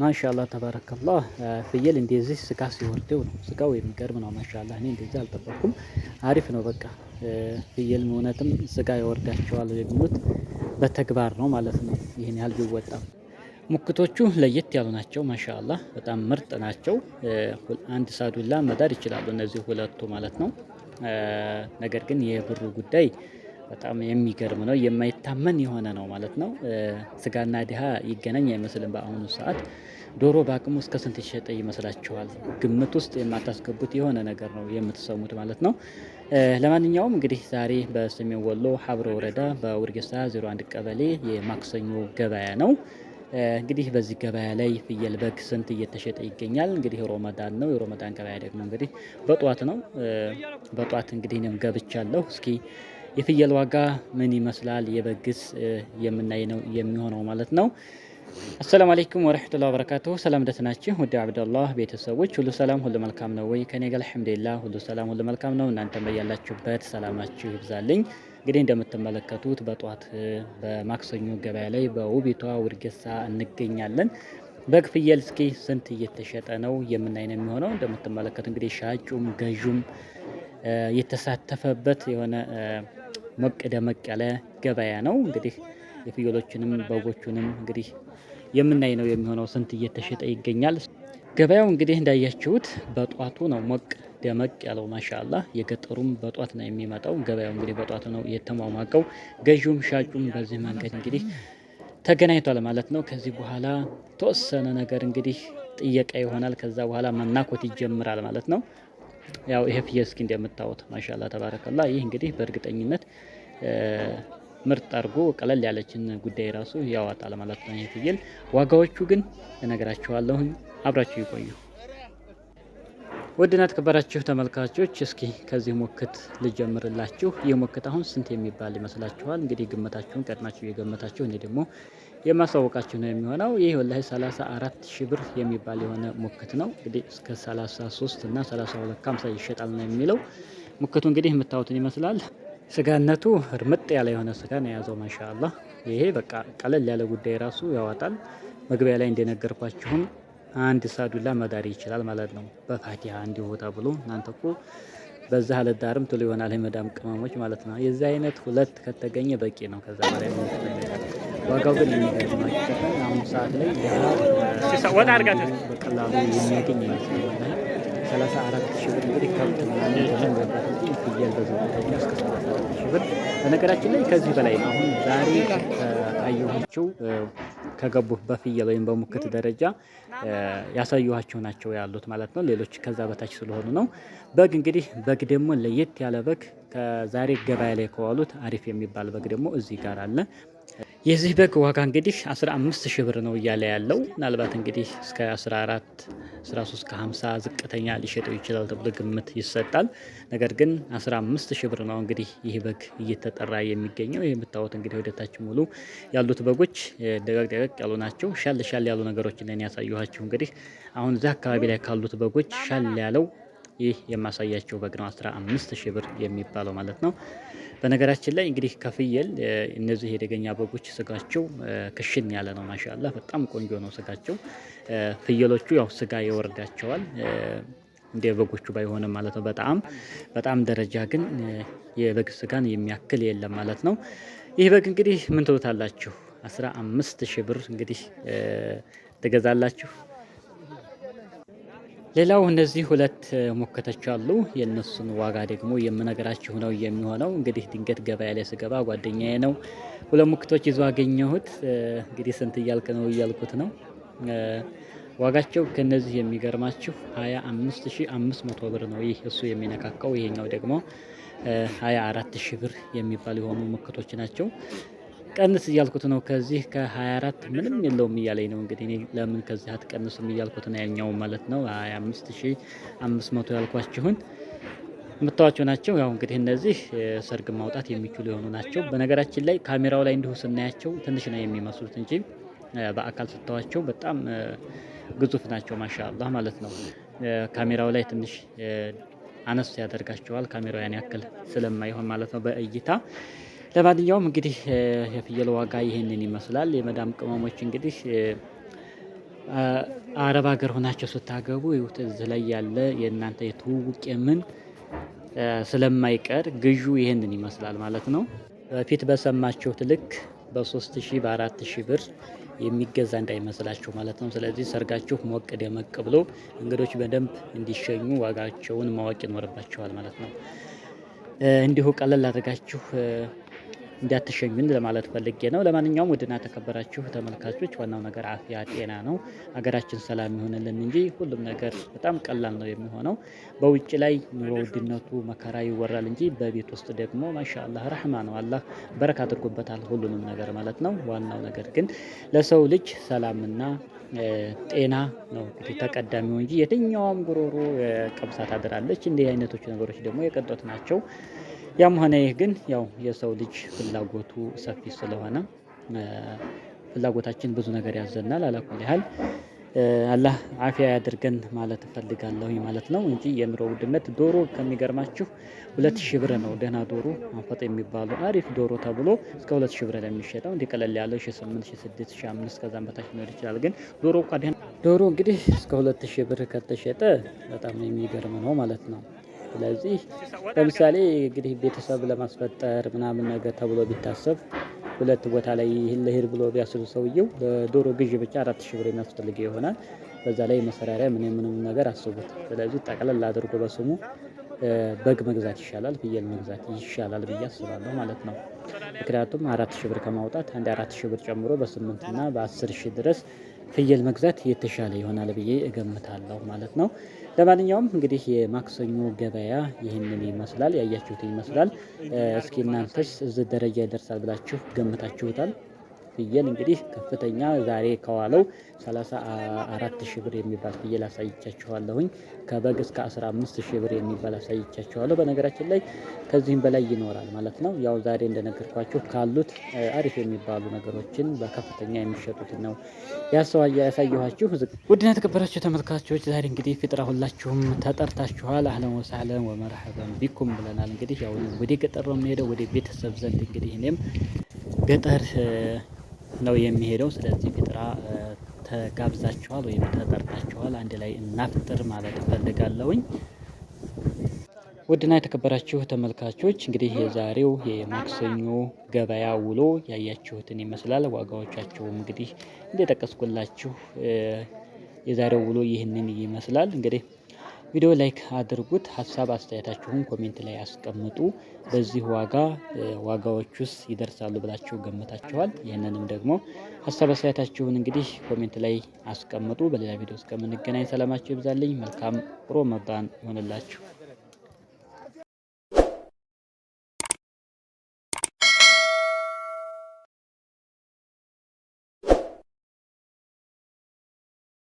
ማሻላ ተባረከላ። ፍየል እንደዚህ ስጋ ሲወርደው ነው ስጋው የሚገርም ነው። ማሻላ እኔ እንደዚህ አልጠበኩም። አሪፍ ነው በቃ ፍየል እውነትም ስጋ ይወርዳቸዋል የሚሉት በተግባር ነው ማለት ነው። ይህን ያህል ቢወጣም ሙክቶቹ ለየት ያሉ ናቸው። ማሻላ በጣም ምርጥ ናቸው። አንድ ሳዱላ መዳር ይችላሉ እነዚህ ሁለቱ ማለት ነው። ነገር ግን የብሩ ጉዳይ በጣም የሚገርም ነው፣ የማይታመን የሆነ ነው ማለት ነው። ስጋና ድሃ ይገናኝ አይመስልም። በአሁኑ ሰዓት ዶሮ በአቅሙ እስከ ስንት ይሸጠ ይመስላችኋል? ግምት ውስጥ የማታስገቡት የሆነ ነገር ነው የምትሰሙት ማለት ነው። ለማንኛውም እንግዲህ ዛሬ በሰሜን ወሎ ሀብረ ወረዳ በውርጌሳ 01 ቀበሌ የማክሰኞ ገበያ ነው። እንግዲህ በዚህ ገበያ ላይ ፍየል፣ በግ ስንት እየተሸጠ ይገኛል። እንግዲህ ሮመዳን ነው። የሮመዳን ገበያ ደግሞ እንግዲህ በጧት ነው። በጧት እንግዲህ እኔም ገብቻለሁ እስኪ የፍየል ዋጋ ምን ይመስላል? የበግስ የምናይ ነው የሚሆነው ማለት ነው። አሰላሙ አለይኩም ወረህመቱላሂ ወበረካቱሁ። ሰላም ደህና ናችሁ? ወደ አብደላህ ቤተሰቦች ሁሉ ሰላም ሁሉ መልካም ነው ወይ? ከኔ ጋር አልሐምዱሊላህ ሁሉ ሰላም ሁሉ መልካም ነው። እናንተም በያላችሁበት ሰላማችሁ ይብዛልኝ። እንግዲህ እንደምትመለከቱት በጧት በማክሰኞ ገበያ ላይ በውቢቷ ውድጌሳ እንገኛለን። በግ ፍየል እስኪ ስንት እየተሸጠ ነው የምናይ ነው የሚሆነው። እንደምትመለከቱ እንግዲህ ሻጩም ገዡም የተሳተፈበት የሆነ ሞቅ ደመቅ ያለ ገበያ ነው። እንግዲህ የፍየሎችንም በጎቹንም እንግዲህ የምናይ ነው የሚሆነው ስንት እየተሸጠ ይገኛል። ገበያው እንግዲህ እንዳያችሁት በጧቱ ነው ሞቅ ደመቅ ያለው ማሻላ። የገጠሩም በጧት ነው የሚመጣው። ገበያው እንግዲህ በጧቱ ነው የተሟሟቀው። ገዢውም ሻጩም በዚህ መንገድ እንግዲህ ተገናኝቷል ማለት ነው። ከዚህ በኋላ ተወሰነ ነገር እንግዲህ ጥየቃ ይሆናል። ከዛ በኋላ መናኮት ይጀምራል ማለት ነው። ያው ይሄ ፍየል እስኪ እንደምታዩት ማሻላ ተባረከላ። ይህ እንግዲህ በእርግጠኝነት ምርጥ አድርጎ ቀለል ያለችን ጉዳይ ራሱ ያዋጣል ማለት ነው። ይሄ ፍየል ዋጋዎቹ ግን እነግራችኋለሁኝ። አብራችሁ ይቆዩ። ውድና ተከበራችሁ ተመልካቾች እስኪ ከዚህ ሞክት ልጀምርላችሁ። ይህ ሞክት አሁን ስንት የሚባል ይመስላችኋል? እንግዲህ ግምታችሁን ቀድማችሁ የገመታችሁ እኔ ደግሞ የማስታወቃችሁ ነው የሚሆነው። ይህ ወላሂ 34 ሺህ ብር የሚባል የሆነ ሙክት ነው እንግዲህ እስከ 33 እና 32 50 ይሸጣል ነው የሚለው። ሙክቱ እንግዲህ የምታዩትን ይመስላል። ስጋነቱ እርምጥ ያለ የሆነ ስጋ ነው የያዘው። ማሻአላ ይሄ በቃ ቀለል ያለ ጉዳይ ራሱ ያዋጣል። መግቢያ ላይ እንደነገርኳችሁም አንድ ሳዱላ መዳሪ ይችላል ማለት ነው። በፋቲሃ እንዲሁ ቦታ ብሎ እናንተ እኮ በዛ አለዳርም ትሉ ይሆናል የመዳም ቅመሞች ማለት ነው። የዚህ አይነት ሁለት ከተገኘ በቂ ነው። ከዛ በላይ ነው። ዋጋው ግን የሚገርማችሁ አሁን ሰዓት ላይ በቀላሉ የሚያገኝ ይመስላል። ሰላሳ አራት ሺህ ብር እንግዲህ ከብት ምናምን እንጂ ፍየል እስከ ሰላሳ አራት ሺህ ብር። በነገራችን ላይ ከዚህ በላይ አሁን ዛሬ አየኋቸው ከገቡ በፍየል ወይም በሙክት ደረጃ ያሳየኋቸው ናቸው ያሉት ማለት ነው። ሌሎች ከዛ በታች ስለሆኑ ነው። በግ እንግዲህ በግ ደግሞ ለየት ያለ በግ ከዛሬ ገበያ ላይ ከዋሉት አሪፍ የሚባል በግ ደግሞ እዚህ ጋር አለ። የዚህ በግ ዋጋ እንግዲህ 15 ሺህ ብር ነው እያለ ያለው። ምናልባት እንግዲህ እስከ 14 13 ከ50 ዝቅተኛ ሊሸጠው ይችላል ተብሎ ግምት ይሰጣል። ነገር ግን 15 ሺህ ብር ነው እንግዲህ ይህ በግ እየተጠራ የሚገኘው። ይህ የምታወት እንግዲህ ወደታች ሙሉ ያሉት በጎች ደረቅ ያሉ ናቸው። ሻል ሻል ያሉ ነገሮችን ነን ያሳዩኋቸው። እንግዲህ አሁን እዚህ አካባቢ ላይ ካሉት በጎች ሻል ያለው ይህ የማሳያቸው በግ ነው 15 ሺህ ብር የሚባለው ማለት ነው። በነገራችን ላይ እንግዲህ ከፍየል እነዚህ የደገኛ በጎች ስጋቸው ክሽን ያለ ነው። ማሻላ በጣም ቆንጆ ነው ስጋቸው። ፍየሎቹ ያው ስጋ ይወርዳቸዋል እንደ በጎቹ ባይሆንም ማለት ነው። በጣም በጣም ደረጃ ግን የበግ ስጋን የሚያክል የለም ማለት ነው። ይህ በግ እንግዲህ ምን ትሉታላችሁ? አስራ አምስት ሺህ ብር እንግዲህ ትገዛላችሁ። ሌላው እነዚህ ሁለት ሙከቶች አሉ። የእነሱን ዋጋ ደግሞ የምነግራችሁ ነው የሚሆነው። እንግዲህ ድንገት ገበያ ላይ ስገባ ጓደኛዬ ነው ሁለት ሙከቶች ይዞ አገኘሁት። እንግዲህ ስንት እያልክ ነው እያልኩት ነው። ዋጋቸው ከነዚህ የሚገርማችሁ 25500 ብር ነው። ይህ እሱ የሚነካካው ይሄኛው ደግሞ 24000 ብር የሚባል የሆኑ ሙከቶች ናቸው። ቀንስ እያልኩት ነው። ከዚህ ከ24 ምንም የለውም እያለኝ ነው። እንግዲህ እኔ ለምን ከዚህ አትቀንሱም እያልኩት ነው ያኛው ማለት ነው። 25500 ያልኳችሁን የምታዋቸው ናቸው። ያው እንግዲህ እነዚህ ሰርግ ማውጣት የሚችሉ የሆኑ ናቸው። በነገራችን ላይ ካሜራው ላይ እንዲሁ ስናያቸው ትንሽ ነው የሚመስሉት እንጂ በአካል ስታዋቸው በጣም ግዙፍ ናቸው። ማሻአላህ ማለት ነው። ካሜራው ላይ ትንሽ አነስ ያደርጋቸዋል። ካሜራው ያን ያክል ስለማይሆን ማለት ነው በእይታ ለማንኛውም እንግዲህ የፍየል ዋጋ ይህንን ይመስላል። የመዳም ቅመሞች እንግዲህ አረብ ሀገር ሆናቸው ስታገቡ እዚህ ላይ ያለ የእናንተ የትውውቅ የምን ስለማይቀር ግዢ ይህንን ይመስላል ማለት ነው። በፊት በሰማችሁት ልክ በሶስት ሺህ በአራት ሺህ ብር የሚገዛ እንዳይመስላችሁ ማለት ነው። ስለዚህ ሰርጋችሁ ሞቅ ደመቅ ብሎ እንግዶች በደንብ እንዲሸኙ ዋጋቸውን ማወቅ ይኖርባቸዋል ማለት ነው። እንዲሁ ቀለል አድርጋችሁ እንዳትሸኙን ለማለት ፈልጌ ነው። ለማንኛውም ውድና ተከበራችሁ ተመልካቾች ዋናው ነገር አፍያ ጤና ነው። ሀገራችን ሰላም ይሆንልን እንጂ ሁሉም ነገር በጣም ቀላል ነው የሚሆነው። በውጭ ላይ ኑሮ ውድነቱ መከራ ይወራል እንጂ በቤት ውስጥ ደግሞ ማሻላ ረህማ ነው። አላህ በረካ አድርጎበታል ሁሉንም ነገር ማለት ነው። ዋናው ነገር ግን ለሰው ልጅ ሰላምና ጤና ነው እንግዲህ ተቀዳሚው እንጂ የትኛውም ጉሮሮ ቀብሳ ታድራለች። እንዲህ አይነቶች ነገሮች ደግሞ የቅንጦት ናቸው። ያም ሆነ ይህ ግን ያው የሰው ልጅ ፍላጎቱ ሰፊ ስለሆነ ፍላጎታችን ብዙ ነገር ያዘናል። አላኩል ያህል አላህ አፊያ ያድርገን ማለት እፈልጋለሁ ማለት ነው እንጂ የኑሮ ውድነት ዶሮ ከሚገርማችሁ ሁለት ሺህ ብር ነው። ደህና ዶሮ አንፈጥ የሚባሉ አሪፍ ዶሮ ተብሎ እስከ ሁለት ሺህ ብር የሚሸጠው እንዲህ ቀለል ያለው ሺህ ስምንት ሺህ ስድስት ሺህ አምስት ከዛም በታች ሊኖር ይችላል። ግን ዶሮ እንኳ ዶሮ እንግዲህ እስከ ሁለት ሺህ ብር ከተሸጠ በጣም የሚገርም ነው ማለት ነው። ስለዚህ ለምሳሌ እንግዲህ ቤተሰብ ለማስፈጠር ምናምን ነገር ተብሎ ቢታሰብ ሁለት ቦታ ላይ ይህን ልሂድ ብሎ ቢያስሉ ሰውየው ለዶሮ ግዢ ብቻ አራት ሺ ብር የሚያስፈልግ ይሆናል። በዛ ላይ መሰራሪያ ምን ምንም ነገር አስቡት። ስለዚህ ጠቅለል አድርጎ በስሙ በግ መግዛት ይሻላል፣ ፍየል መግዛት ይሻላል ብዬ አስባለሁ ማለት ነው። ምክንያቱም አራት ሺ ብር ከማውጣት አንድ አራት ሺ ብር ጨምሮ በስምንትና በአስር ሺህ ድረስ ፍየል መግዛት የተሻለ ይሆናል ብዬ እገምታለሁ ማለት ነው። ለማንኛውም እንግዲህ የማክሰኞ ገበያ ይህንን ይመስላል፣ ያያችሁት ይመስላል። እስኪ እናንተስ እዚህ ደረጃ ይደርሳል ብላችሁ ገምታችሁታል? ፍየል እንግዲህ ከፍተኛ ዛሬ ከዋለው 34 ሺህ ብር የሚባል ፍየል አሳይቻችኋለሁኝ። ከበግ እስከ 15 ሺህ ብር የሚባል አሳይቻችኋለሁ። በነገራችን ላይ ከዚህም በላይ ይኖራል ማለት ነው። ያው ዛሬ እንደነገርኳችሁ ካሉት አሪፍ የሚባሉ ነገሮችን በከፍተኛ የሚሸጡትን ነው ያሳየኋችሁ። ውድና የተከበራችሁ ተመልካቾች ዛሬ እንግዲህ ፍጥራ ሁላችሁም ተጠርታችኋል። አህለን ወሳለን ወመርሐበን ቢኩም ብለናል። እንግዲህ ያው ወደ ገጠር ነው ወደ ቤተሰብ ዘንድ እንግዲህ እኔም ገጠር ነው የሚሄደው። ስለዚህ ፍጥራ ተጋብዛችኋል ወይም ተጠርታችኋል። አንድ ላይ እናፍጥር ማለት እፈልጋለሁኝ። ውድና የተከበራችሁ ተመልካቾች እንግዲህ የዛሬው የማክሰኞ ገበያ ውሎ ያያችሁትን ይመስላል። ዋጋዎቻቸውም እንግዲህ እንደጠቀስኩላችሁ የዛሬው ውሎ ይህንን ይመስላል እንግዲህ ቪዲዮ ላይክ አድርጉት። ሀሳብ አስተያየታችሁን ኮሜንት ላይ አስቀምጡ። በዚህ ዋጋ ዋጋዎች ውስጥ ይደርሳሉ ብላችሁ ገምታችኋል? ይህንንም ደግሞ ሀሳብ አስተያየታችሁን እንግዲህ ኮሜንት ላይ አስቀምጡ። በሌላ ቪዲዮ እስከምንገናኝ ሰላማችሁ ይብዛልኝ። መልካም ሮመዳን ይሆንላችሁ።